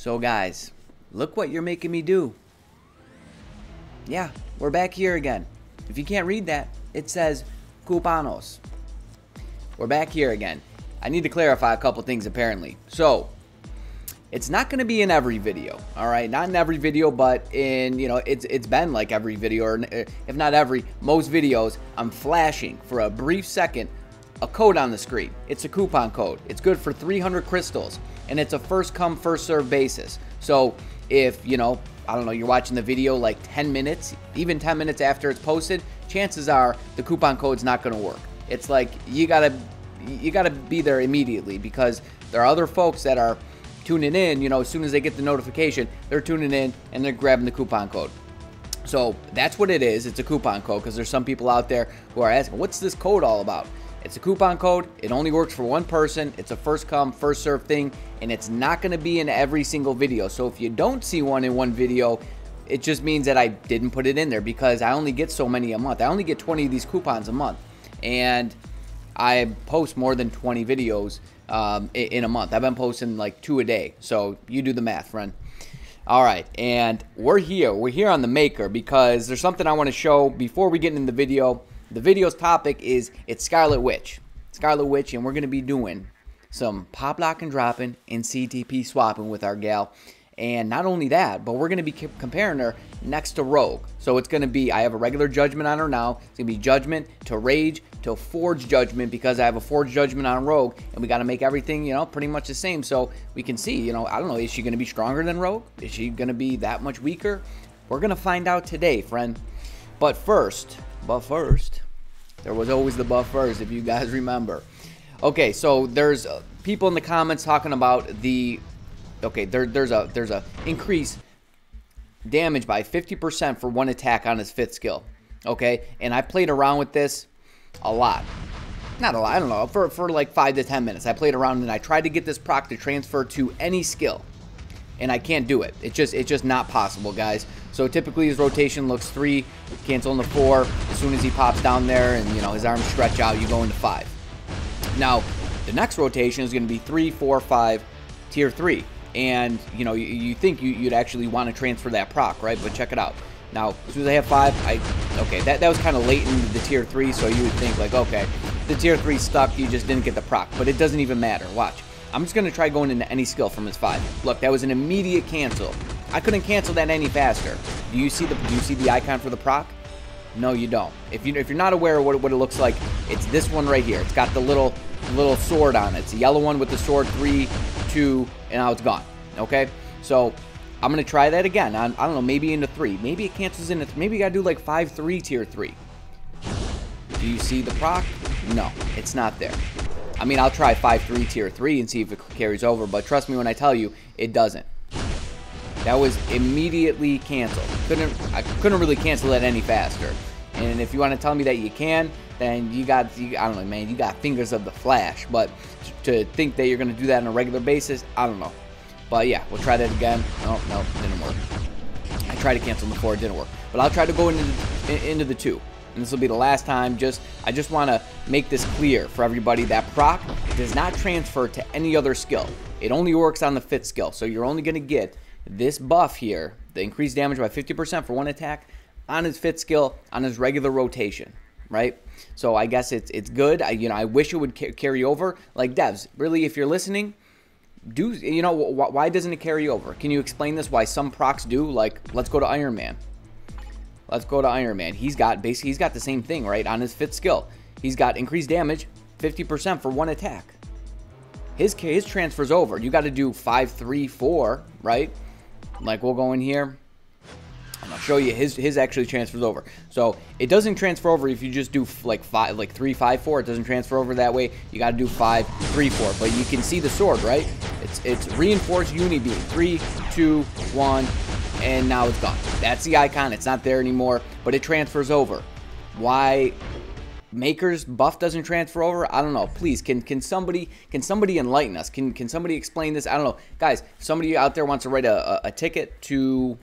So guys, look what you're making me do. Yeah, we're back here again. If you can't read that, it says Cubanos. We're back here again. I need to clarify a couple things apparently. So, it's not going to be in every video, all right? Not in every video, but in, you know, it's it's been like every video or if not every, most videos, I'm flashing for a brief second a code on the screen. It's a coupon code. It's good for 300 crystals and it's a first come, first serve basis. So if, you know, I don't know, you're watching the video like 10 minutes, even 10 minutes after it's posted, chances are the coupon code's not going to work. It's like you got to you got to be there immediately because there are other folks that are tuning in, you know, as soon as they get the notification, they're tuning in and they're grabbing the coupon code. So that's what it is. It's a coupon code because there's some people out there who are asking, what's this code all about? It's a coupon code. It only works for one person. It's a first come, first serve thing, and it's not going to be in every single video. So if you don't see one in one video, it just means that I didn't put it in there because I only get so many a month. I only get 20 of these coupons a month, and I post more than 20 videos um, in a month. I've been posting like two a day. So you do the math, friend. All right, and we're here. We're here on the maker because there's something I want to show before we get into the video. The video's topic is it's Scarlet Witch. Scarlet Witch, and we're gonna be doing some pop lock and dropping and CTP swapping with our gal. And not only that, but we're going to be comparing her next to Rogue. So it's going to be, I have a regular judgment on her now. It's going to be judgment to rage to forge judgment because I have a forge judgment on Rogue. And we got to make everything, you know, pretty much the same. So we can see, you know, I don't know, is she going to be stronger than Rogue? Is she going to be that much weaker? We're going to find out today, friend. But first, but first, there was always the but first, if you guys remember. Okay, so there's uh, people in the comments talking about the okay. There, there's a there's a increase damage by 50% for one attack on his fifth skill. Okay, and I played around with this a lot. Not a lot, I don't know, for, for like 5 to 10 minutes. I played around and I tried to get this proc to transfer to any skill and I can't do it. It's just it's just not possible, guys. So typically his rotation looks three, cancel into four. As soon as he pops down there and you know his arms stretch out, you go into five. Now, the next rotation is going to be three, four, five, tier three, and you know you, you think you, would actually want to transfer that proc, right? But check it out. Now, as soon as I have five, I okay that that was kind of late in the tier three, so you would think like okay, the tier three stuck, you just didn't get the proc, but it doesn't even matter. Watch. I'm just going to try going into any skill from his five. Look, that was an immediate cancel. I couldn't cancel that any faster. Do you see the do you see the icon for the proc? No, you don't. If you if you're not aware of what, what it looks like, it's this one right here. It's got the little little sword on it. It's a yellow one with the sword three, two, and now it's gone. Okay, so I'm gonna try that again. I, I don't know, maybe into three. Maybe it cancels into. Maybe you gotta do like five three tier three. Do you see the proc? No, it's not there. I mean, I'll try 5-3 tier 3 and see if it carries over, but trust me when I tell you, it doesn't. That was immediately canceled. Couldn't I couldn't really cancel it any faster. And if you want to tell me that you can, then you got you, I don't know, man, you got fingers of the flash. But to think that you're gonna do that on a regular basis, I don't know. But yeah, we'll try that again. No, no, didn't work. I tried to cancel before; it didn't work. But I'll try to go into the, into the two and this will be the last time. Just I just want to make this clear for everybody that proc does not transfer to any other skill. It only works on the fifth skill, so you're only going to get this buff here, the increased damage by 50% for one attack on his fifth skill on his regular rotation, right? So I guess it's it's good. I, you know, I wish it would ca carry over. Like devs, really, if you're listening, do you know wh why doesn't it carry over? Can you explain this? Why some procs do? Like, let's go to Iron Man. Let's go to Iron Man. He's got basically he's got the same thing, right? On his fifth skill. He's got increased damage, 50% for one attack. His his transfer's over. You got to do five, three, four, right? Like we'll go in here. And I'll show you his his actually transfers over. So it doesn't transfer over if you just do like five, like three, five, four. It doesn't transfer over that way. You got to do five, three, four. But you can see the sword, right? It's it's reinforced unibeam. Three, two, one, and now it's gone. That's the icon. It's not there anymore, but it transfers over. Why Maker's buff doesn't transfer over? I don't know. Please, can can somebody can somebody enlighten us? Can can somebody explain this? I don't know. Guys, somebody out there wants to write a, a, a ticket to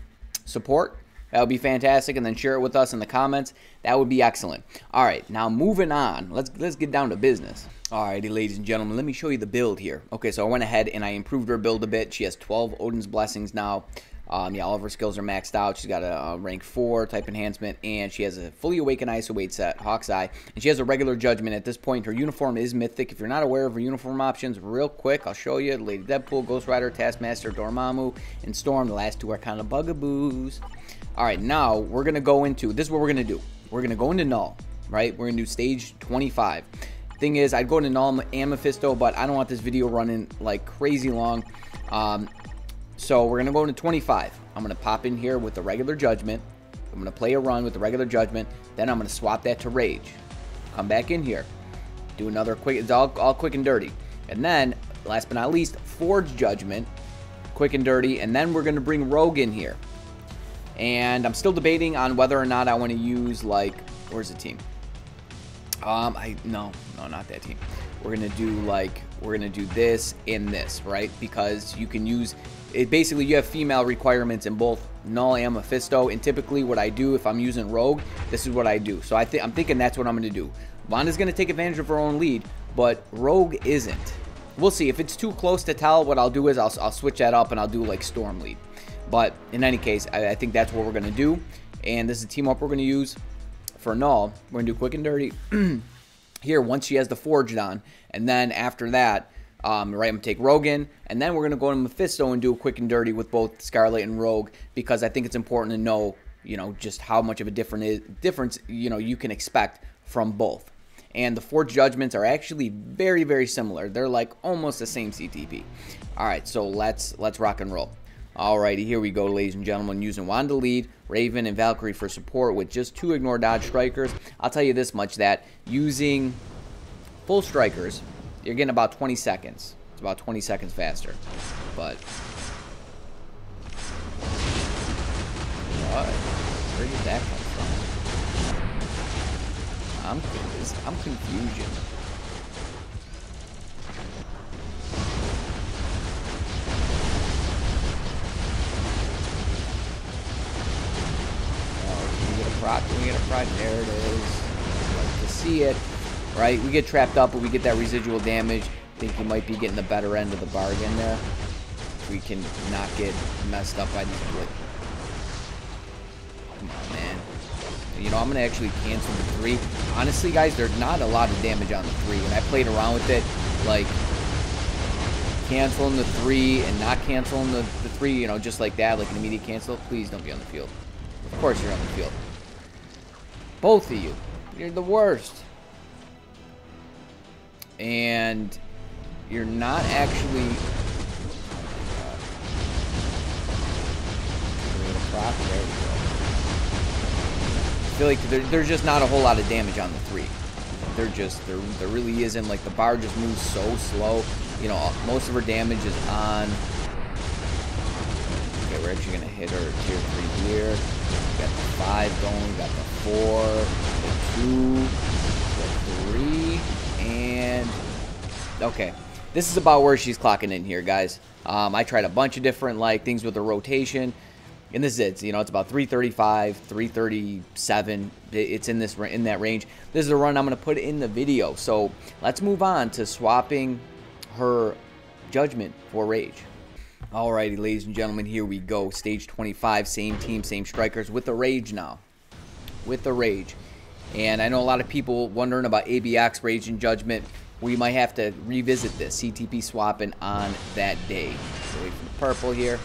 support, that would be fantastic, and then share it with us in the comments. That would be excellent. All right, now moving on. Let's let's get down to business. Alrighty, ladies and gentlemen, let me show you the build here. Okay, so I went ahead and I improved her build a bit. She has 12 Odin's Blessings now. Um, yeah, all of her skills are maxed out. She's got a, a, rank 4 type enhancement, and she has a fully awakened Ice Await set, Hawk's Eye, and she has a regular judgment. At this point, her uniform is mythic. If you're not aware of her uniform options, real quick, I'll show you. Lady Deadpool, Ghost Rider, Taskmaster, Dormammu, and Storm. The last two are kind of bugaboos. All right, now we're going to go into, this is what we're going to do. We're going to go into Null, right? We're going to do stage 25. Thing is, I'd go into Null and Mephisto, but I don't want this video running like crazy long. Um, so we're going to go into 25. I'm going to pop in here with the regular judgment. I'm going to play a run with the regular judgment. Then I'm going to swap that to rage. Come back in here. Do another quick. It's all, all quick and dirty. And then, last but not least, forge judgment. Quick and dirty. And then we're going to bring rogue in here. And I'm still debating on whether or not I want to use like, where's the team? Um, I no, no, not that team we're gonna do like we're gonna do this and this, right? Because you can use it basically you have female requirements in both Null and Mephisto. And typically what I do if I'm using Rogue, this is what I do. So I think I'm thinking that's what I'm gonna do. Vonda's gonna take advantage of her own lead, but Rogue isn't. We'll see. If it's too close to tell, what I'll do is I'll, I'll switch that up and I'll do like Storm lead. But in any case, I, I think that's what we're gonna do. And this is the team up we're gonna use for Null. We're gonna do quick and dirty. here once she has the forged on. And then after that, um, right, I'm gonna take Rogan, and then we're gonna go to Mephisto and do a quick and dirty with both Scarlet and Rogue because I think it's important to know, you know, just how much of a different is, difference you know you can expect from both. And the four judgments are actually very, very similar. They're like almost the same CTP. All right, so let's let's rock and roll. Alrighty, here we go, ladies and gentlemen. Using Wanda lead, Raven, and Valkyrie for support with just two ignore dodge strikers. I'll tell you this much, that using full strikers, you're getting about 20 seconds. It's about 20 seconds faster. But... What? Where did that come from? I'm, I'm confusion. front, doing it up front. There it is. Like to see it. Right? We get trapped up, but we get that residual damage. I think you might be getting the better end of the bargain there. We can not get messed up by these blitz. Come on, man. You know, I'm going to actually cancel the three. Honestly, guys, there's not a lot of damage on the three. When I played around with it, like, canceling the three and not canceling the, the three, you know, just like that, like an immediate cancel, please don't be on the field. Of course you're on the field. Both of you. You're the worst. And you're not actually... Uh, I feel like there's just not a whole lot of damage on the three. They're just, there, there really isn't. Like, the bar just moves so slow. You know, most of her damage is on Okay, we're actually gonna hit her tier three here. got the five going, we got the for two, three, and okay. This is about where she's clocking in here, guys. Um, I tried a bunch of different like things with the rotation, and this is it. You know, it's about 335, 337. It's in this in that range. This is the run I'm going to put in the video. So let's move on to swapping her judgment for rage. Alrighty, ladies and gentlemen, here we go. Stage 25, same team, same strikers with the rage now with the Rage. And I know a lot of people wondering about ABX Rage and Judgment. We might have to revisit this CTP swapping on that day. So we can purple here.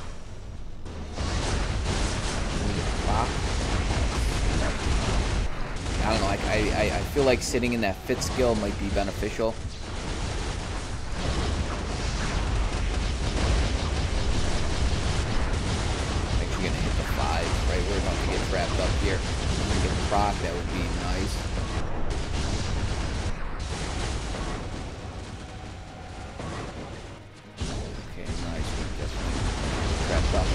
I don't know. I, I, I feel like sitting in that fit skill might be beneficial. Actually, gonna hit the five, right? We're about to get wrapped up here that would be nice. Okay, nice. We definitely crept up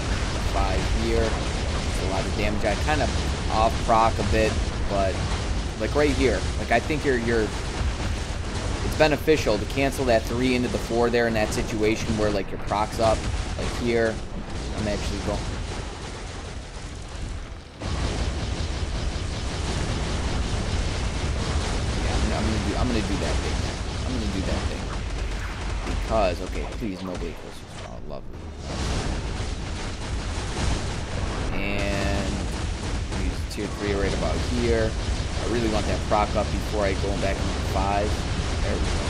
five here. a lot of damage. I kind of off proc a bit, but like right here. Like I think you're you're it's beneficial to cancel that three into the four there in that situation where like your proc's up, like here. I'm actually going gonna do that thing now. I'm gonna do that thing. Because, okay, please, no vehicles. Oh, lovely. And use tier 3 right about here. I really want that proc up before I go back into 5. There we go.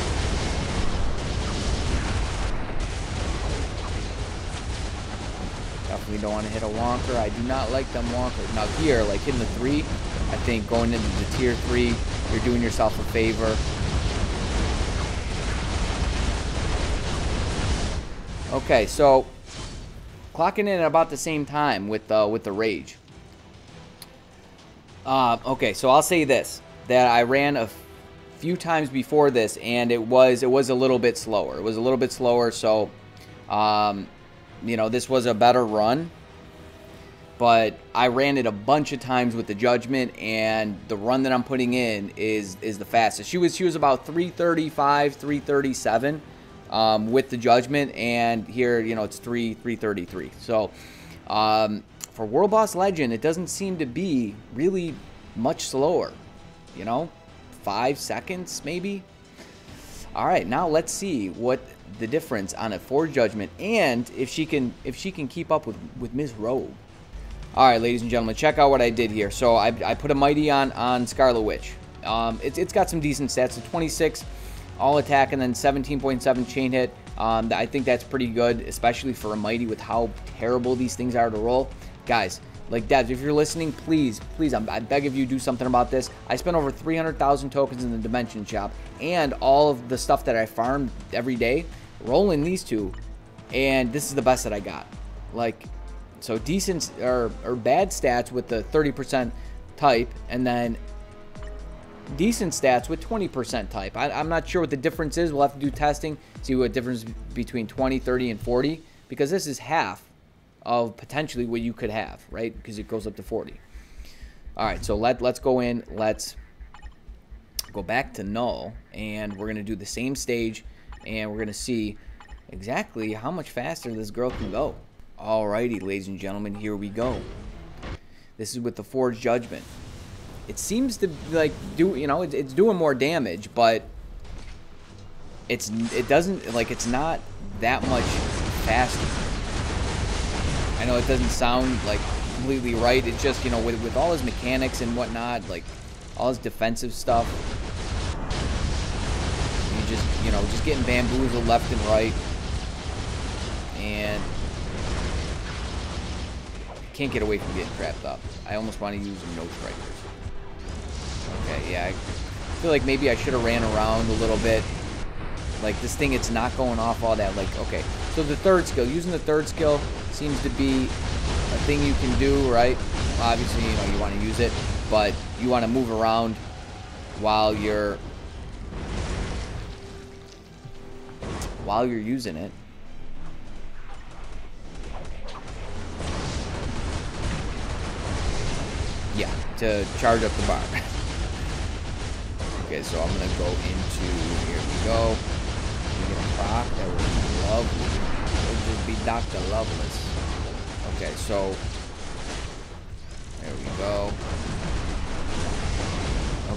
Definitely don't want to hit a wonker. I do not like them wonkers. Now here, like hitting the 3, I think going into the tier 3 you're doing yourself a favor. Okay, so clocking in at about the same time with uh, with the rage. Uh, okay, so I'll say this: that I ran a few times before this, and it was it was a little bit slower. It was a little bit slower, so um, you know this was a better run but I ran it a bunch of times with the judgment, and the run that I'm putting in is is the fastest. She was she was about 335, 337 um, with the judgment, and here you know it's three 333. So um, for World Boss Legend, it doesn't seem to be really much slower. You know, five seconds maybe. All right, now let's see what the difference on a four judgment and if she can if she can keep up with with Ms. Rogue. All right, ladies and gentlemen, check out what I did here. So I, I put a Mighty on, on Scarlet Witch. Um, it, has got some decent stats, a 26 all attack and then 17.7 chain hit. Um, I think that's pretty good, especially for a Mighty with how terrible these things are to roll. Guys, like devs, if you're listening, please, please, I'm, i beg of you, do something about this. I spent over 300,000 tokens in the Dimension Shop and all of the stuff that I farmed every day rolling these two, and this is the best that I got. Like, so decent or, or bad stats with the 30% type, and then decent stats with 20% type. I, am not sure what the difference is. We'll have to do testing, see what difference between 20, 30, and 40, because this is half of potentially what you could have, right? Because it goes up to 40. All right, so let, let's go in. Let's go back to null, and we're going to do the same stage, and we're going to see exactly how much faster this girl can go. Alrighty, ladies and gentlemen, here we go. This is with the Forge Judgment. It seems to, like, do, you know, it's doing more damage, but it's, it doesn't, like, it's not that much faster. I know it doesn't sound, like, completely right. It's just, you know, with, with all his mechanics and whatnot, like, all his defensive stuff, you just, you know, just getting bamboozled left and right. And can't get away from getting trapped up. I almost want to use no strikers. Okay, yeah, I feel like maybe I should have ran around a little bit. Like this thing, it's not going off all that. Like, okay, so the third skill, using the third skill seems to be a thing you can do, right? Obviously, you know, you want to use it, but you want to move around while you're while you're using it. to charge up the bar. okay, so I'm gonna go into here we go. We get a proc that would be lovely. It would just be Dr. Lovelace. Okay, so there we go.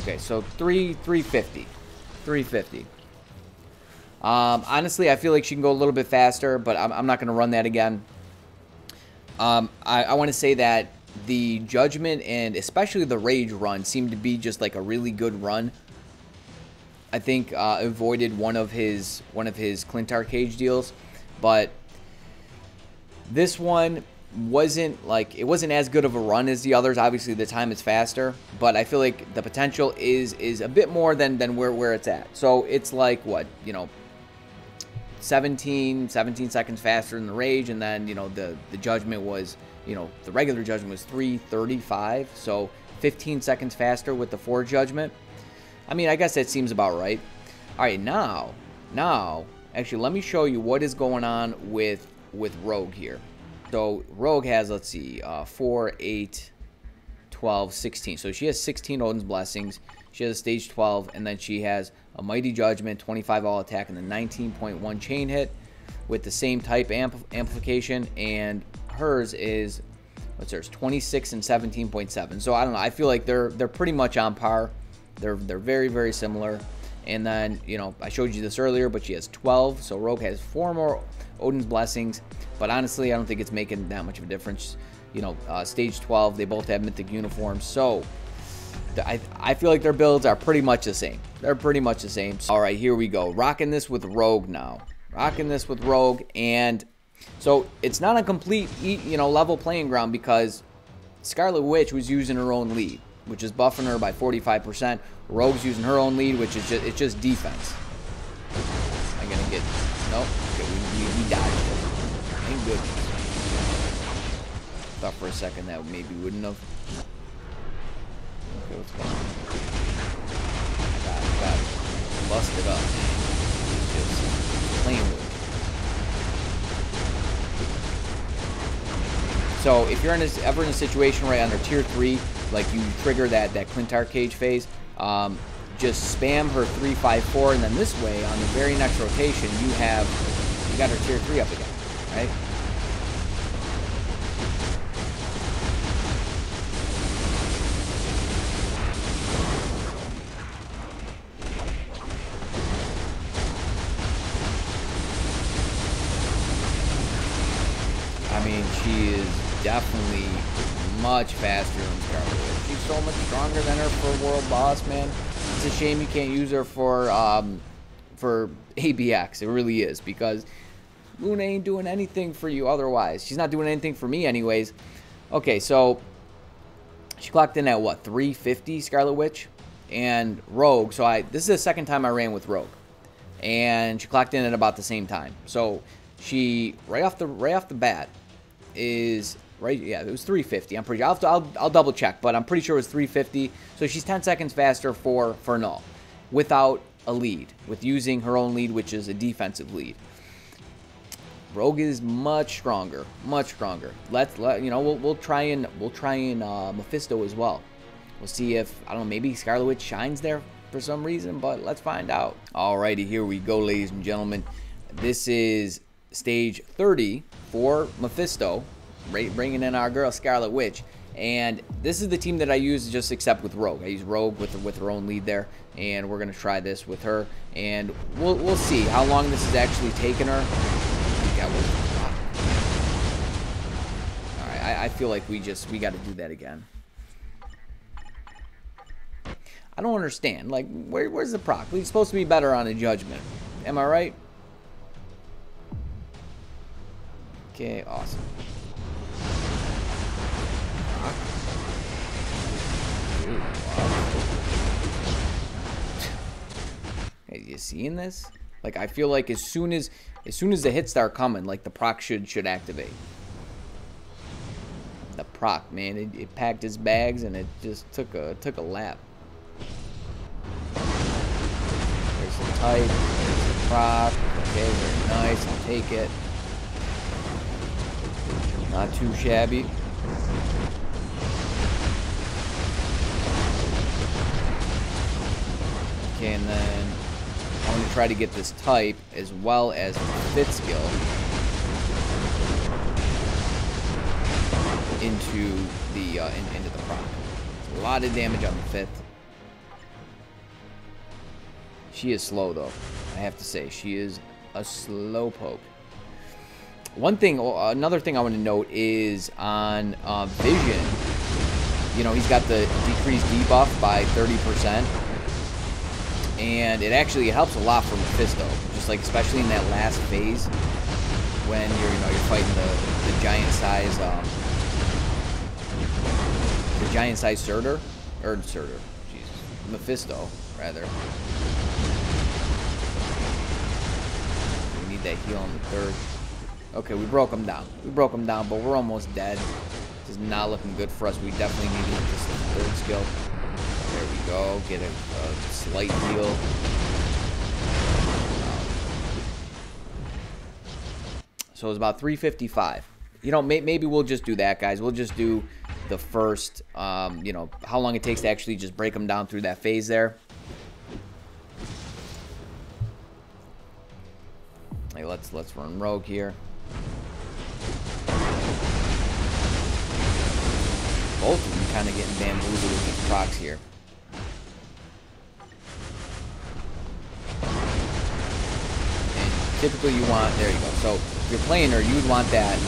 Okay, so three three fifty. 350. Um, honestly, I feel like she can go a little bit faster, but I'm, I'm not going to run that again. Um, I, I want to say that the Judgment and especially the Rage run seemed to be just like a really good run. I think uh, avoided one of his one of his Clintar Cage deals, but this one wasn't like it wasn't as good of a run as the others. Obviously, the time is faster, but I feel like the potential is is a bit more than than where where it's at. So it's like what you know 17, 17 seconds faster than the Rage, and then you know the the Judgment was you know, the regular judgment was 335, so 15 seconds faster with the four judgment. I mean, I guess that seems about right. All right, now, now, actually, let me show you what is going on with with Rogue here. So Rogue has, let's see, uh, 4, 8, 12, 16. So she has 16 Odin's Blessings. She has a stage 12, and then she has a Mighty Judgment, 25 all attack, and the 19.1 chain hit with the same type amplification and hers is what's hers 26 and 17.7. So I don't know. I feel like they're they're pretty much on par. They're they're very very similar. And then you know I showed you this earlier, but she has 12. So Rogue has four more Odin's blessings. But honestly, I don't think it's making that much of a difference. You know, uh, stage 12. They both have mythic uniforms. So I, I feel like their builds are pretty much the same. They're pretty much the same. So, all right, here we go. Rocking this with Rogue now. Rocking this with Rogue and so it's not a complete, you know, level playing ground because Scarlet Witch was using her own lead, which is buffing her by 45%. Rogue's using her own lead, which is just, it's just defense. Am gonna get? Nope. Okay, we, we, dodged it. Ain't good. Thought for a second that maybe wouldn't have. Okay, what's going on? I got it, got Busted up. So if you're in a, ever in a situation right under tier three, like you trigger that that Clintar cage phase, um, just spam her three five four, and then this way on the very next rotation you have you got her tier three up again, right? definitely much faster than Scarlet She's so much stronger than her for World Boss, man. It's a shame you can't use her for um, for ABX. It really is because Luna ain't doing anything for you otherwise. She's not doing anything for me anyways. Okay, so she clocked in at what 350 Scarlet Witch and Rogue. So I this is the second time I ran with Rogue, and she clocked in at about the same time. So she right off the right off the bat is right? Yeah, it was 350. I'm pretty. I'll, to, I'll I'll double check, but I'm pretty sure it was 350. So she's 10 seconds faster for Fernal, without a lead, with using her own lead, which is a defensive lead. Rogue is much stronger, much stronger. Let's let you know. We'll, we'll try and we'll try and uh, Mephisto as well. We'll see if I don't know. Maybe Scarlet Witch shines there for some reason, but let's find out. Alrighty, here we go, ladies and gentlemen. This is stage 30 for Mephisto bringing in our girl Scarlet Witch. And this is the team that I use just except with Rogue. I use Rogue with, with her own lead there. And we're going to try this with her. And we'll, we'll see how long this has actually taken her. Alright, I, I feel like we just, we got to do that again. I don't understand. Like, where, where's the proc? We're supposed to be better on a judgment. Am I right? Okay, awesome. seeing this? Like, I feel like as soon as as soon as the hits start coming, like the proc should should activate. The proc, man, it, it packed his bags and it just took a took a lap. There's the type, there's the proc. Okay, very nice. I'll take it. Not too shabby. Okay, and then I'm going to try to get this type as well as my fit skill into the uh, in, into the prop. a lot of damage on the fifth. She is slow though. I have to say she is a slow poke. One thing, another thing I want to note is on uh, vision. You know, he's got the decreased debuff by 30% and it actually helps a lot for Mephisto. Just like especially in that last phase when you're you know you're fighting the, the giant size um, the giant size Surtur or Surtur, Jesus, Mephisto rather. We need that heal on the third. Okay, we broke him down. We broke him down, but we're almost dead. This is not looking good for us. We definitely need this third skill. There we go. Get a, a slight heal. So it's about 355. You know, may maybe we'll just do that, guys. We'll just do the first, um, you know, how long it takes to actually just break them down through that phase there. Hey, let's let's run rogue here. Both of them kind of getting bamboozled with these procs here. typically you want, there you go. So if you're playing her, you'd want that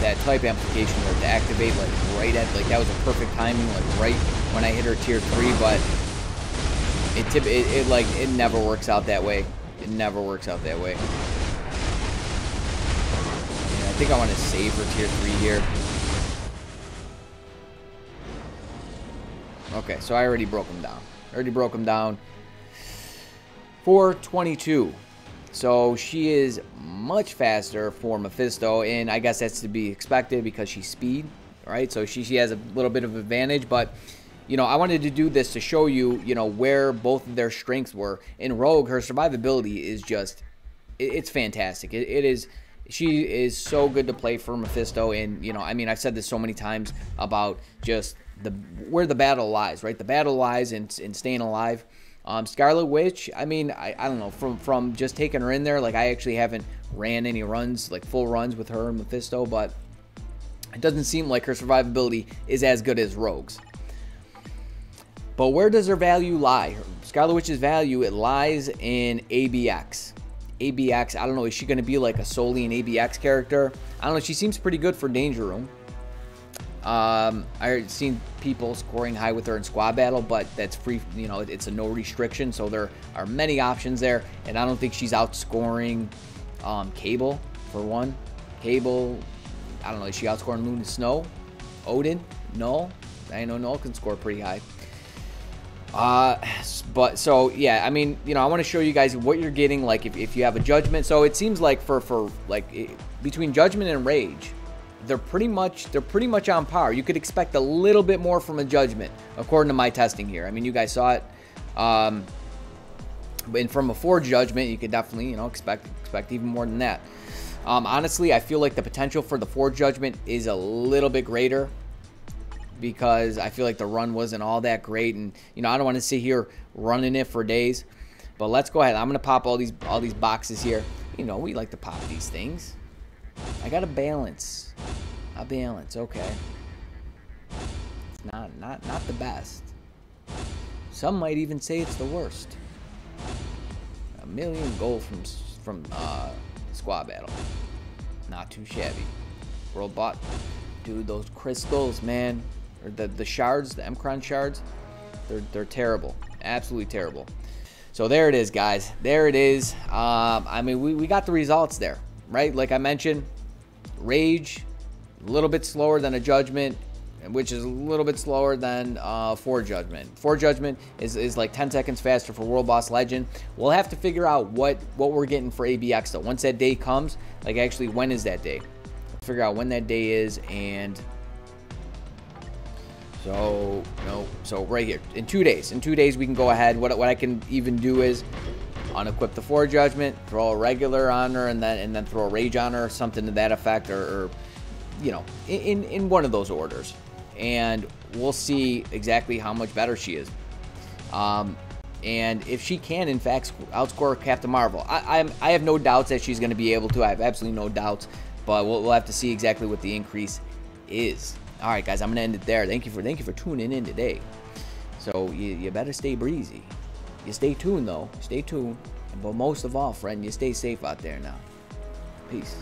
that type amplification where to activate like right at, like that was a perfect timing, like right when I hit her tier three, but it, tip, it, it like, it never works out that way. It never works out that way. And I think I want to save her tier three here. Okay, so I already broke him down. Already broke him down. 422. So she is much faster for Mephisto, and I guess that's to be expected because she's speed, right? So she, she has a little bit of advantage, but you know, I wanted to do this to show you, you know, where both of their strengths were. In Rogue, her survivability is just, it, it's fantastic. It, it is, she is so good to play for Mephisto. And, you know, I mean, I've said this so many times about just the where the battle lies, right? The battle lies in, in staying alive. Um, Scarlet Witch, I mean, I, I don't know, from, from just taking her in there, like I actually haven't ran any runs, like full runs with her and Mephisto, but it doesn't seem like her survivability is as good as Rogue's. But where does her value lie? Scarlet Witch's value, it lies in ABX. ABX, I don't know, is she going to be like a solely an ABX character? I don't know, she seems pretty good for Danger Room. Um, I've seen people scoring high with her in squad battle, but that's free. You know, it's a no restriction, so there are many options there. And I don't think she's outscoring um, Cable for one. Cable, I don't know. Is she outscoring Luna Snow? Odin? No, I know Null can score pretty high. Uh, but so yeah, I mean, you know, I want to show you guys what you're getting. Like, if, if you have a judgment, so it seems like for for like it, between judgment and rage, they're pretty much they're pretty much on par. You could expect a little bit more from a judgment, according to my testing here. I mean, you guys saw it. Um, and from a four judgment, you could definitely you know expect expect even more than that. Um, honestly, I feel like the potential for the four judgment is a little bit greater because I feel like the run wasn't all that great, and you know I don't want to sit here running it for days. But let's go ahead. I'm gonna pop all these all these boxes here. You know we like to pop these things. I gotta balance. a balance, okay. It's not, not, not the best. Some might even say it's the worst. A million gold from, from uh, squad battle. Not too shabby. Robot, dude, those crystals, man. Or the, the shards, the Emcron shards, they're, they're terrible. Absolutely terrible. So there it is, guys. There it is. Um, I mean, we, we got the results there right? Like I mentioned, Rage, a little bit slower than a Judgment, which is a little bit slower than uh, for Judgment. For Judgment is, is like 10 seconds faster for World Boss Legend. We'll have to figure out what, what we're getting for ABX though. Once that day comes, like actually when is that day? figure out when that day is and so, no, so right here. In two days, in two days we can go ahead. What, what I can even do is unequip the Four Judgment, throw a regular on her, and then and then throw a Rage on her, or something to that effect, or, or you know, in in one of those orders. And we'll see exactly how much better she is. Um, and if she can, in fact, outscore Captain Marvel, I, I'm, I have no doubts that she's going to be able to. I have absolutely no doubts, but we'll, we'll have to see exactly what the increase is. All right, guys, I'm going to end it there. Thank you for thank you for tuning in today. So you, you better stay breezy. You stay tuned, though. Stay tuned. But most of all, friend, you stay safe out there now. Peace.